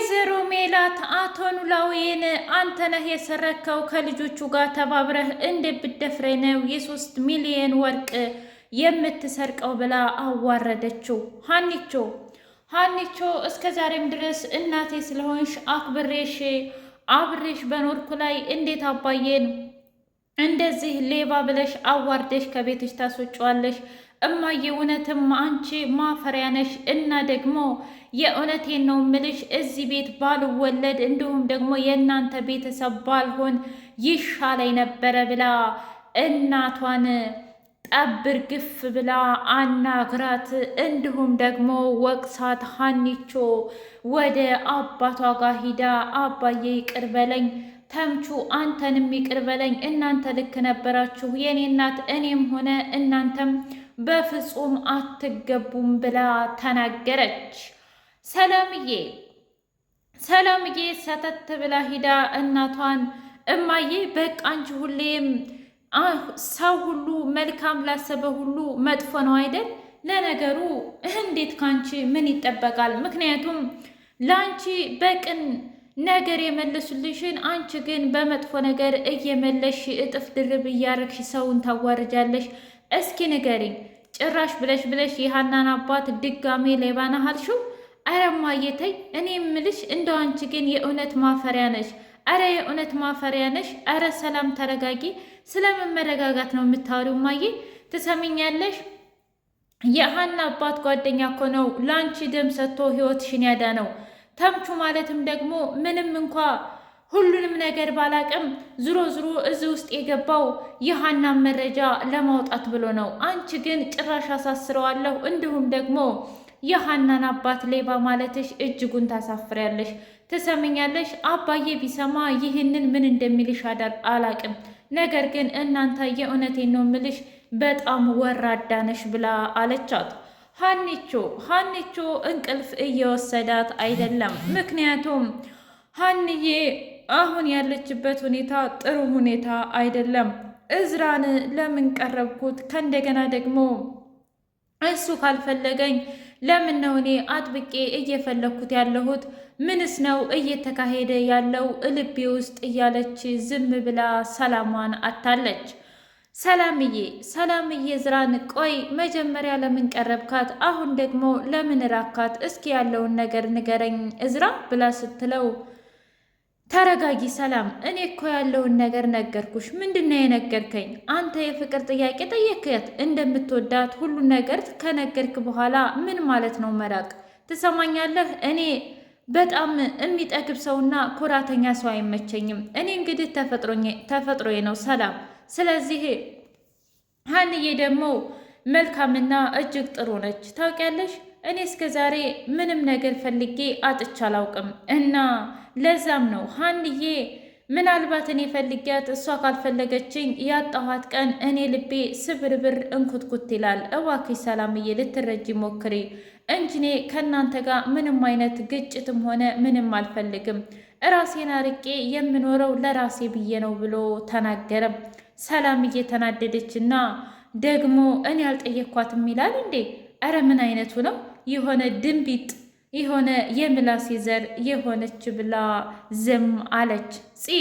ወይዘሮ ሜላት አቶ ኖላዊን አንተ ነህ የሰረከው ከልጆቹ ጋር ተባብረህ እንደ ብትደፍረኝ ነው የሶስት ሚሊዮን ወርቅ የምትሰርቀው ብላ አዋረደችው። ሀኒቾ ሀኒቾ እስከ ዛሬም ድረስ እናቴ ስለሆንሽ አክብሬሽ አብሬሽ በኖርኩ ላይ እንዴት አባዬን እንደዚህ ሌባ ብለሽ አዋርደሽ ከቤትሽ ታስወጫዋለሽ? እማዬ እውነትም አንቺ ማፈሪያ ነሽ እና ደግሞ የእውነቴን ነው ምልሽ እዚህ ቤት ባልወለድ እንዲሁም ደግሞ የእናንተ ቤተሰብ ባልሆን ይሻላይ ነበረ ብላ እናቷን ጠብር ግፍ ብላ አናግራት፣ እንዲሁም ደግሞ ወቅሳት። ሀኒቾ ወደ አባቷ ጋር ሂዳ አባዬ ይቅር በለኝ ተምቹ አንተንም ይቅር በለኝ። እናንተ ልክ ነበራችሁ የኔ እናት፣ እኔም ሆነ እናንተም በፍጹም አትገቡም ብላ ተናገረች። ሰላምዬ ሰላምዬ ሰተት ብላ ሂዳ እናቷን እማዬ በቃ አንቺ ሁሌም ሰው ሁሉ መልካም ላሰበ ሁሉ መጥፎ ነው አይደል? ለነገሩ እንዴት ካንቺ ምን ይጠበቃል? ምክንያቱም ለአንቺ በቅን ነገር የመለሱልሽን አንቺ ግን በመጥፎ ነገር እየመለሽ እጥፍ ድርብ እያረግሽ ሰውን ታዋርጃለሽ። እስኪ ንገሪኝ ጭራሽ ብለሽ ብለሽ የሀናን አባት ድጋሜ ሌባ ነህ አልሽው? አረ ማየተይ እኔ ምልሽ እንደ አንቺ ግን የእውነት ማፈሪያ ነሽ። አረ የእውነት ማፈሪያ ነሽ። አረ ሰላም ተረጋጊ። ስለምን መረጋጋት ነው የምታወሪው? ማየ ትሰምኛለሽ? የሀና አባት ጓደኛ እኮ ነው ለአንቺ ደም ሰጥቶ ህይወትሽን ያዳ ነው ተምቹ ማለትም ደግሞ ምንም እንኳ ሁሉንም ነገር ባላቅም ዝሮ ዝሮ እዚህ ውስጥ የገባው የሀናን መረጃ ለማውጣት ብሎ ነው። አንቺ ግን ጭራሽ አሳስረዋለሁ፣ እንዲሁም ደግሞ የሀናን አባት ሌባ ማለትሽ እጅጉን ታሳፍሪያለሽ። ትሰምኛለሽ? አባዬ ቢሰማ ይህንን ምን እንደሚልሽ አላቅም። ነገር ግን እናንተ የእውነቴን ነው ምልሽ በጣም ወራዳ ነሽ ብላ አለቻት። ሀኒቾ ሀኒቾ እንቅልፍ እየወሰዳት አይደለም። ምክንያቱም ሀንዬ አሁን ያለችበት ሁኔታ ጥሩ ሁኔታ አይደለም። እዝራን ለምን ቀረብኩት? ከእንደገና ደግሞ እሱ ካልፈለገኝ ለምን ነው እኔ አጥብቄ እየፈለግኩት ያለሁት? ምንስ ነው እየተካሄደ ያለው እልቤ ውስጥ እያለች ዝም ብላ ሰላሟን አታለች። ሰላምዬ ሰላምዬ እዝራን ቆይ መጀመሪያ ለምን ቀረብካት? አሁን ደግሞ ለምን ራካት? እስኪ ያለውን ነገር ንገረኝ እዝራ ብላ ስትለው ተረጋጊ ሰላም። እኔ እኮ ያለውን ነገር ነገርኩሽ። ምንድነው የነገርከኝ? አንተ የፍቅር ጥያቄ ጠየክያት እንደምትወዳት ሁሉን ነገር ከነገርክ በኋላ ምን ማለት ነው መራቅ? ትሰማኛለህ? እኔ በጣም የሚጠግብ ሰውና ኩራተኛ ሰው አይመቸኝም። እኔ እንግዲህ ተፈጥሮዬ ነው ሰላም። ስለዚህ ሀንዬ ደግሞ መልካምና እጅግ ጥሩ ነች። ታውቂያለሽ እኔ እስከ ዛሬ ምንም ነገር ፈልጌ አጥቼ አላውቅም እና ለዛም ነው ሀንዬ ምናልባት እኔ ፈልጊያት እሷ ካልፈለገችኝ ያጣኋት ቀን እኔ ልቤ ስብርብር እንኩትኩት ይላል። እባክሽ ሰላምዬ ልትረጂ ሞክሪ እንጂ እኔ ከእናንተ ጋር ምንም አይነት ግጭትም ሆነ ምንም አልፈልግም። እራሴን አርቄ የምኖረው ለራሴ ብዬ ነው ብሎ ተናገረም። ሰላምዬ ተናደደችና ደግሞ እኔ አልጠየኳትም ይላል እንዴ ኧረ ምን አይነቱ ነው? የሆነ ድንቢጥ የሆነ የምላሴ ዘር የሆነች ብላ ዝም አለች። ፂ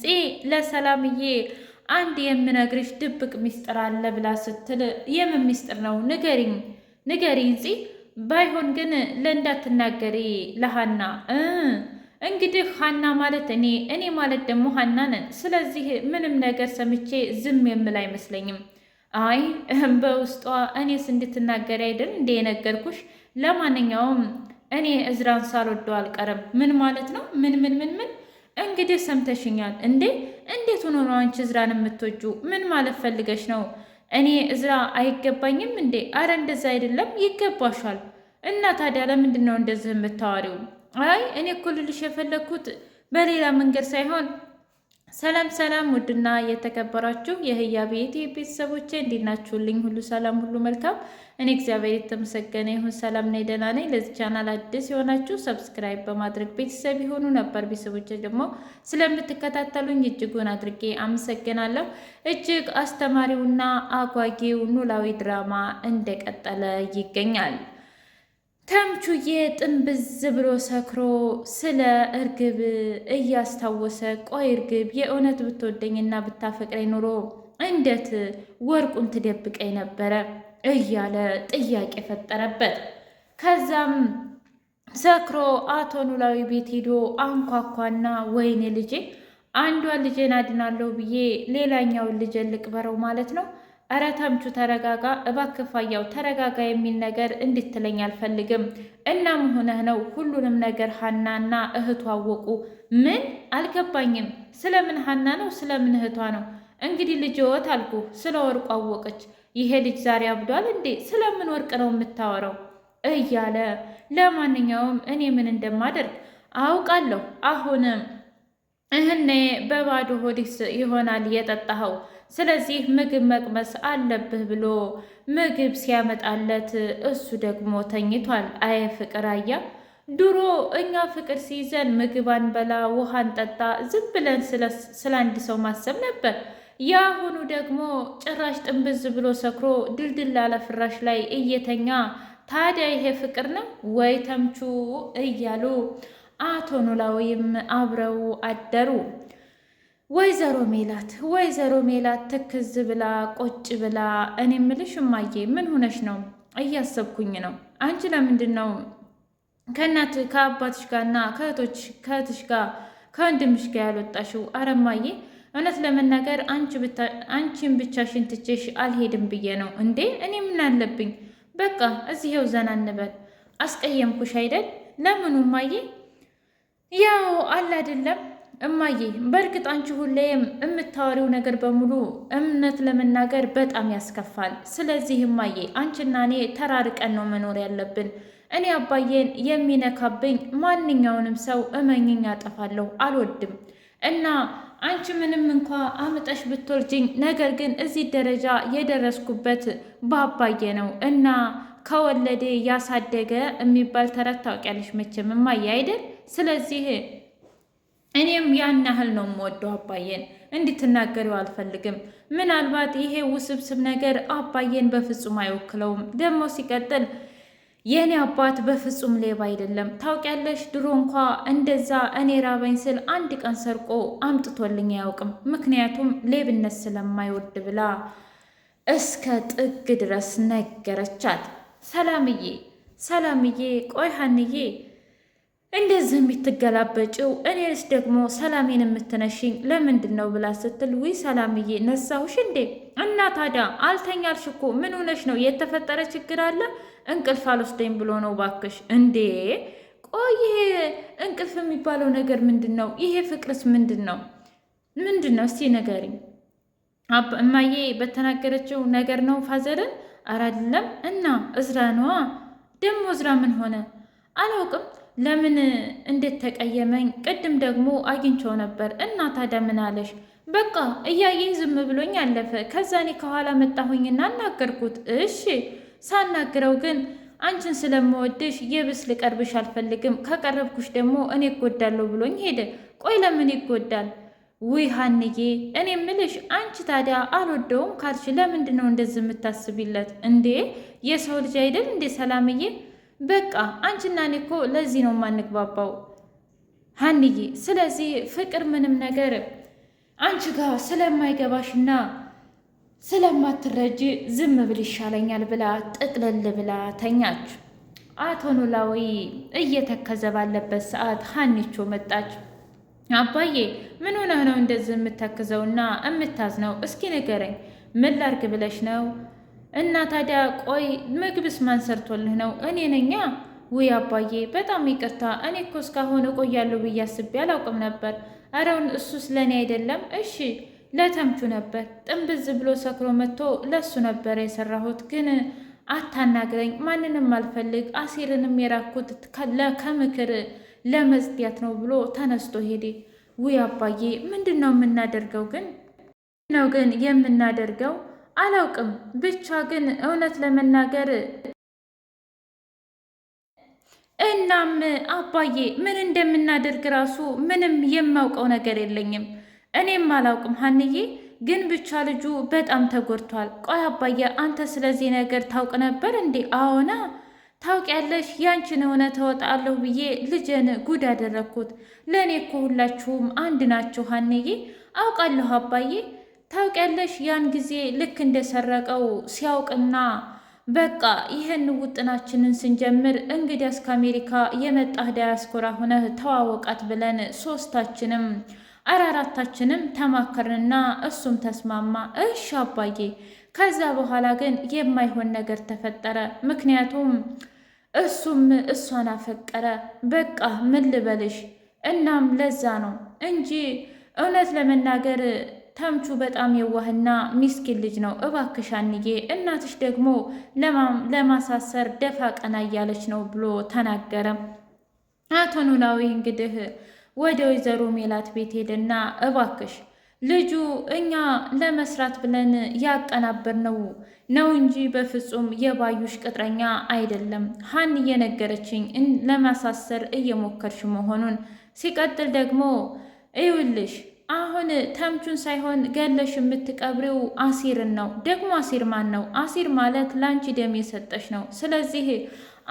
ፂ ለሰላምዬ አንድ የምነግርሽ ድብቅ ሚስጥር አለ ብላ ስትል የምን ሚስጥር ነው? ንገሪኝ ንገሪኝ ፂ ባይሆን ግን ለእንዳትናገሪ ለሀና እንግዲህ ሀና ማለት እኔ እኔ ማለት ደግሞ ሀና ነን። ስለዚህ ምንም ነገር ሰምቼ ዝም የምል አይመስለኝም። አይ በውስጧ እኔስ እንድትናገሪ አይደል እንደ የነገርኩሽ። ለማንኛውም እኔ እዝራን ሳልወደው አልቀርም። ምን ማለት ነው? ምን ምን ምን ምን? እንግዲህ ሰምተሽኛል እንዴ? እንዴት ሆኖ ነው አንቺ እዝራን የምትወጁ? ምን ማለት ፈልገሽ ነው? እኔ እዝራ አይገባኝም እንዴ? አረ እንደዛ አይደለም፣ ይገባሻል። እና ታዲያ ለምንድን ነው እንደዚህ የምታዋሪው? አይ እኔ እኮ ልልሽ የፈለግኩት በሌላ መንገድ ሳይሆን ሰላም ሰላም፣ ውድና የተከበራችሁ የህያ ቤት ቤተሰቦቼ እንዲናችሁልኝ ሁሉ ሰላም፣ ሁሉ መልካም። እኔ እግዚአብሔር የተመሰገነ ይሁን ሰላም ነኝ፣ ደህና ነኝ። ለዚህ ቻናል አዲስ የሆናችሁ ሰብስክራይብ በማድረግ ቤተሰብ የሆኑ ነበር ቤተሰቦቼ ደግሞ ስለምትከታተሉኝ እጅጉን አድርጌ አመሰግናለሁ። እጅግ አስተማሪውና አጓጊው ኖላዊ ድራማ እንደቀጠለ ይገኛል። ተምቹዬ ጥንብዝ ብሎ ሰክሮ ስለ እርግብ እያስታወሰ ቆይ እርግብ የእውነት ብትወደኝና ብታፈቅረኝ ኑሮ እንዴት ወርቁን ትደብቀኝ ነበረ እያለ ጥያቄ ፈጠረበት። ከዛም ሰክሮ አቶ ኖላዊ ቤት ሄዶ አንኳኳና ወይኔ ልጄ አንዷን ልጄን አድናለሁ ብዬ ሌላኛውን ልጄን ልቅበረው ማለት ነው እረ ተምቹ ተረጋጋ እባክፋያው ተረጋጋ የሚል ነገር እንድትለኝ አልፈልግም። እናም ሆነህ ነው ሁሉንም ነገር ሀናና እህቷ አወቁ። ምን አልገባኝም። ስለምን ሀና ነው ስለምን እህቷ ነው? እንግዲህ ልጅወት አልኩ። ስለ ወርቁ አወቀች። ይሄ ልጅ ዛሬ አብዷል እንዴ? ስለምን ወርቅ ነው የምታወራው? እያለ ለማንኛውም እኔ ምን እንደማደርግ አውቃለሁ። አሁንም እህኔ በባዶ ሆዲስ ይሆናል የጠጣኸው ስለዚህ ምግብ መቅመስ አለብህ ብሎ ምግብ ሲያመጣለት እሱ ደግሞ ተኝቷል። አየ ፍቅር አያ ድሮ እኛ ፍቅር ሲይዘን ምግብ አንበላ፣ ውሃ አንጠጣ፣ ዝም ብለን ስለ አንድ ሰው ማሰብ ነበር። የአሁኑ ደግሞ ጭራሽ ጥንብዝ ብሎ ሰክሮ ድልድል አለ ፍራሽ ላይ እየተኛ። ታዲያ ይሄ ፍቅር ነው ወይ ተምቹ? እያሉ አቶ ኖላዊም አብረው አደሩ። ወይዘሮ ሜላት ወይዘሮ ሜላት ትክዝ ብላ ቆጭ ብላ እኔ ምልሽ እማዬ ምን ሆነሽ ነው? እያሰብኩኝ ነው። አንቺ ለምንድን ነው ከእናት ከአባትሽ ጋርና ከእህቶች ከእህትሽ ጋር ከወንድምሽ ጋር ያልወጣሽው? አረ እማዬ እውነት ለመናገር አንቺን ብቻሽን ትቼሽ አልሄድም ብዬ ነው። እንዴ እኔ ምን አለብኝ? በቃ እዚህው ዘና እንበል። አስቀየምኩሽ አይደል? ለምኑ እማዬ? ያው አለ አይደለም እማዬ በእርግጥ አንቺ ሁሌም የምታወሪው ነገር በሙሉ እምነት ለመናገር በጣም ያስከፋል። ስለዚህ እማዬ አንቺና እኔ ተራርቀን ነው መኖር ያለብን። እኔ አባዬን የሚነካብኝ ማንኛውንም ሰው እመኝኝ አጠፋለሁ፣ አልወድም እና አንቺ ምንም እንኳ አምጠሽ ብትወልጅኝ፣ ነገር ግን እዚህ ደረጃ የደረስኩበት በአባዬ ነው እና ከወለዴ ያሳደገ የሚባል ተረት ታውቂያለሽ መቼም እማዬ አይደል? ስለዚህ እኔም ያን ያህል ነው የምወደው አባዬን እንድትናገረው አልፈልግም። ምናልባት ይሄ ውስብስብ ነገር አባዬን በፍጹም አይወክለውም። ደግሞ ሲቀጥል የእኔ አባት በፍጹም ሌባ አይደለም። ታውቂያለሽ፣ ድሮ እንኳ እንደዛ እኔ ራበኝ ስል አንድ ቀን ሰርቆ አምጥቶልኝ አያውቅም። ምክንያቱም ሌብነት ስለማይወድ ብላ እስከ ጥግ ድረስ ነገረቻት። ሰላምዬ ሰላምዬ፣ ቆይ ሀንዬ እንደዚህ የምትገላበጭው እኔስ ደግሞ ሰላሜን የምትነሽኝ ለምንድን ነው ብላ ስትል ውይ ሰላምዬ ነሳሁሽ እንዴ? እና ታዲያ አልተኛልሽ እኮ ምን ሆነሽ ነው? የተፈጠረ ችግር አለ? እንቅልፍ አልወስደኝ ብሎ ነው ባክሽ። እንዴ ቆይ ይሄ እንቅልፍ የሚባለው ነገር ምንድን ነው? ይሄ ፍቅርስ ምንድን ነው? ምንድን ነው? እስቲ ንገሪኝ። እማዬ በተናገረችው ነገር ነው ፋዘርን? ኧረ አይደለም። እና እዝራ ነዋ። ደግሞ እዝራ ምን ሆነ? አላውቅም ለምን እንዴት ተቀየመኝ? ቅድም ደግሞ አግኝቼው ነበር እና ታዲያ ምን አለሽ? በቃ እያየኝ ዝም ብሎኝ አለፈ። ከዛ እኔ ከኋላ መጣሁኝና አናገርኩት። እሺ ሳናግረው ግን አንቺን ስለምወድሽ የብስ ልቀርብሽ አልፈልግም፣ ከቀረብኩሽ ደግሞ እኔ እጎዳለሁ ብሎኝ ሄደ። ቆይ ለምን ይጎዳል? ውይ ሀንዬ፣ እኔ ምልሽ አንቺ ታዲያ አልወደውም ካልሽ ለምንድን ነው እንደዚህ የምታስቢለት እንዴ? የሰው ልጅ አይደል እንዴ ሰላምዬ? በቃ አንቺና እኔ እኮ ለዚህ ነው የማንግባባው ሀንዬ። ስለዚህ ፍቅር ምንም ነገር አንቺ ጋር ስለማይገባሽና ስለማትረጅ ዝም ብል ይሻለኛል ብላ ጥቅልል ብላ ተኛች። አቶ ኖላዊ እየተከዘ ባለበት ሰዓት ሀኒቾ መጣች። አባዬ ምን ሆነህ ነው እንደዚህ የምተክዘውና የምታዝነው? እስኪ ንገረኝ፣ ምን ላርግ ብለሽ ነው እና ታዲያ ቆይ ምግብስ ማን ሰርቶልህ ነው? እኔ ነኛ። ውይ አባዬ በጣም ይቅርታ፣ እኔ እኮ እስካሁን እቆያለሁ ብዬ አስቤ አላውቅም ነበር። አረውን እሱስ ለእኔ አይደለም። እሺ ለተምቹ ነበር። ጥንብዝ ብሎ ሰክሮ መጥቶ ለሱ ነበር የሰራሁት። ግን አታናግረኝ፣ ማንንም አልፈልግ። አሴርንም የራኩት ከምክር ለመጽዳት ነው ብሎ ተነስቶ ሄደ። ውይ አባዬ ምንድን ነው የምናደርገው ግን ነው ግን የምናደርገው አላውቅም ብቻ ግን እውነት ለመናገር እናም አባዬ ምን እንደምናደርግ ራሱ ምንም የማውቀው ነገር የለኝም። እኔም አላውቅም ሀንዬ፣ ግን ብቻ ልጁ በጣም ተጎድቷል። ቆይ አባዬ፣ አንተ ስለዚህ ነገር ታውቅ ነበር እንዴ? አዎና ታውቂያለሽ። ያንቺን እውነት እወጣለሁ ብዬ ልጄን ጉድ አደረግኩት። ለእኔ እኮ ሁላችሁም አንድ ናችሁ ሀንዬ። አውቃለሁ አባዬ ታውቂያለሽ፣ ያን ጊዜ ልክ እንደሰረቀው ሲያውቅና በቃ ይህን ውጥናችንን ስንጀምር እንግዲያስ ከአሜሪካ የመጣህ ዳያስፖራ ሆነህ ተዋወቃት ብለን ሶስታችንም አራራታችንም ተማከርንና እሱም ተስማማ። እሽ አባዬ። ከዛ በኋላ ግን የማይሆን ነገር ተፈጠረ። ምክንያቱም እሱም እሷን አፈቀረ። በቃ ምን ልበልሽ። እናም ለዛ ነው እንጂ እውነት ለመናገር ተምቹ በጣም የዋህና ሚስኪን ልጅ ነው። እባክሽ አንዬ፣ እናትሽ ደግሞ ለማሳሰር ደፋ ቀና እያለች ነው ብሎ ተናገረ። አቶ ኖላዊ እንግዲህ ወደ ወይዘሮ ሜላት ቤት ሄደና እባክሽ ልጁ እኛ ለመስራት ብለን ያቀናብር ነው ነው እንጂ በፍጹም የባዩሽ ቅጥረኛ አይደለም። ሀን እየነገረችኝ ለማሳሰር እየሞከርሽ መሆኑን ሲቀጥል ደግሞ እዩልሽ አሁን ተምቹን ሳይሆን ገለሽ የምትቀብሪው አሲርን ነው። ደግሞ አሲር ማን ነው? አሲር ማለት ለአንቺ ደም የሰጠሽ ነው። ስለዚህ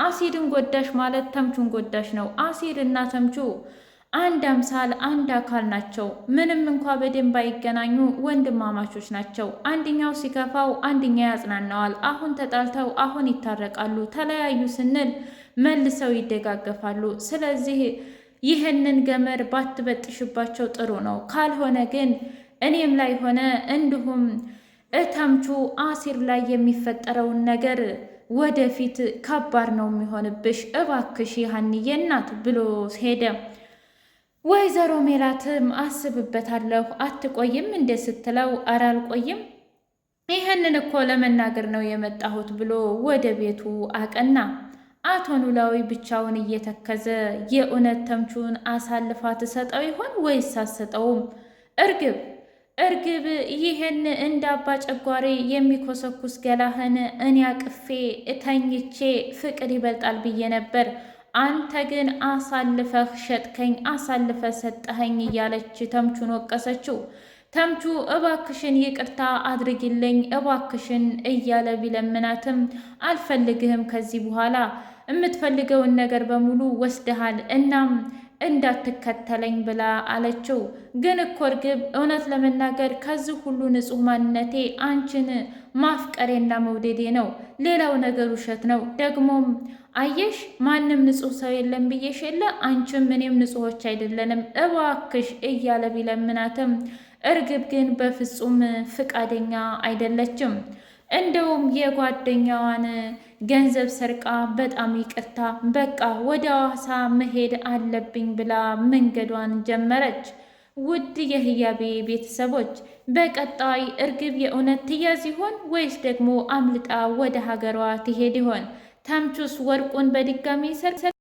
አሲርን ጎዳሽ ማለት ተምቹን ጎዳሽ ነው። አሲር እና ተምቹ አንድ አምሳል አንድ አካል ናቸው። ምንም እንኳ በደንብ ባይገናኙ ወንድማማቾች ናቸው። አንድኛው ሲከፋው አንድኛው ያጽናናዋል። አሁን ተጣልተው አሁን ይታረቃሉ፣ ተለያዩ ስንል መልሰው ይደጋገፋሉ። ስለዚህ ይህንን ገመድ ባትበጥሽባቸው ጥሩ ነው። ካልሆነ ግን እኔም ላይ ሆነ እንዲሁም እተምቹ አሲር ላይ የሚፈጠረውን ነገር ወደፊት ከባድ ነው የሚሆንብሽ። እባክሽ ሀንዬ እናት ብሎ ሄደ። ወይዘሮ ሜላትም አስብበታለሁ አትቆይም እንደ ስትለው ኧረ አልቆይም ይህንን እኮ ለመናገር ነው የመጣሁት ብሎ ወደ ቤቱ አቀና። አቶ ኖላዊ ብቻውን እየተከዘ የእውነት ተምቹን አሳልፋ ትሰጠው ይሆን ወይስ አትሰጠውም? እርግብ እርግብ ይህን እንደ አባ ጨጓሬ የሚኮሰኩስ ገላህን እኔ አቅፌ እተኝቼ ፍቅር ይበልጣል ብዬ ነበር። አንተ ግን አሳልፈህ ሸጥከኝ፣ አሳልፈህ ሰጠኸኝ እያለች ተምቹን ወቀሰችው። ተምቹ እባክሽን ይቅርታ አድርጊልኝ እባክሽን እያለ ቢለምናትም አልፈልግህም ከዚህ በኋላ የምትፈልገውን ነገር በሙሉ ወስደሃል፣ እናም እንዳትከተለኝ ብላ አለችው። ግን እኮ እርግብ፣ እውነት ለመናገር ከዚህ ሁሉ ንጹሕ ማንነቴ አንቺን ማፍቀሬና መውደዴ ነው። ሌላው ነገር ውሸት ነው። ደግሞም አየሽ፣ ማንም ንጹሕ ሰው የለም ብዬሽ የለ አንቺም እኔም ንጹሖች አይደለንም፣ እባክሽ እያለ ቢለምናትም እርግብ ግን በፍጹም ፍቃደኛ አይደለችም። እንደውም የጓደኛዋን ገንዘብ ሰርቃ በጣም ይቅርታ በቃ ወደ ሐዋሳ መሄድ አለብኝ ብላ መንገዷን ጀመረች። ውድ የህያቤ ቤተሰቦች በቀጣይ እርግብ የእውነት ትያዝ ይሆን ወይስ ደግሞ አምልጣ ወደ ሀገሯ ትሄድ ይሆን? ታምቹስ ወርቁን በድጋሚ ይሰርሳል?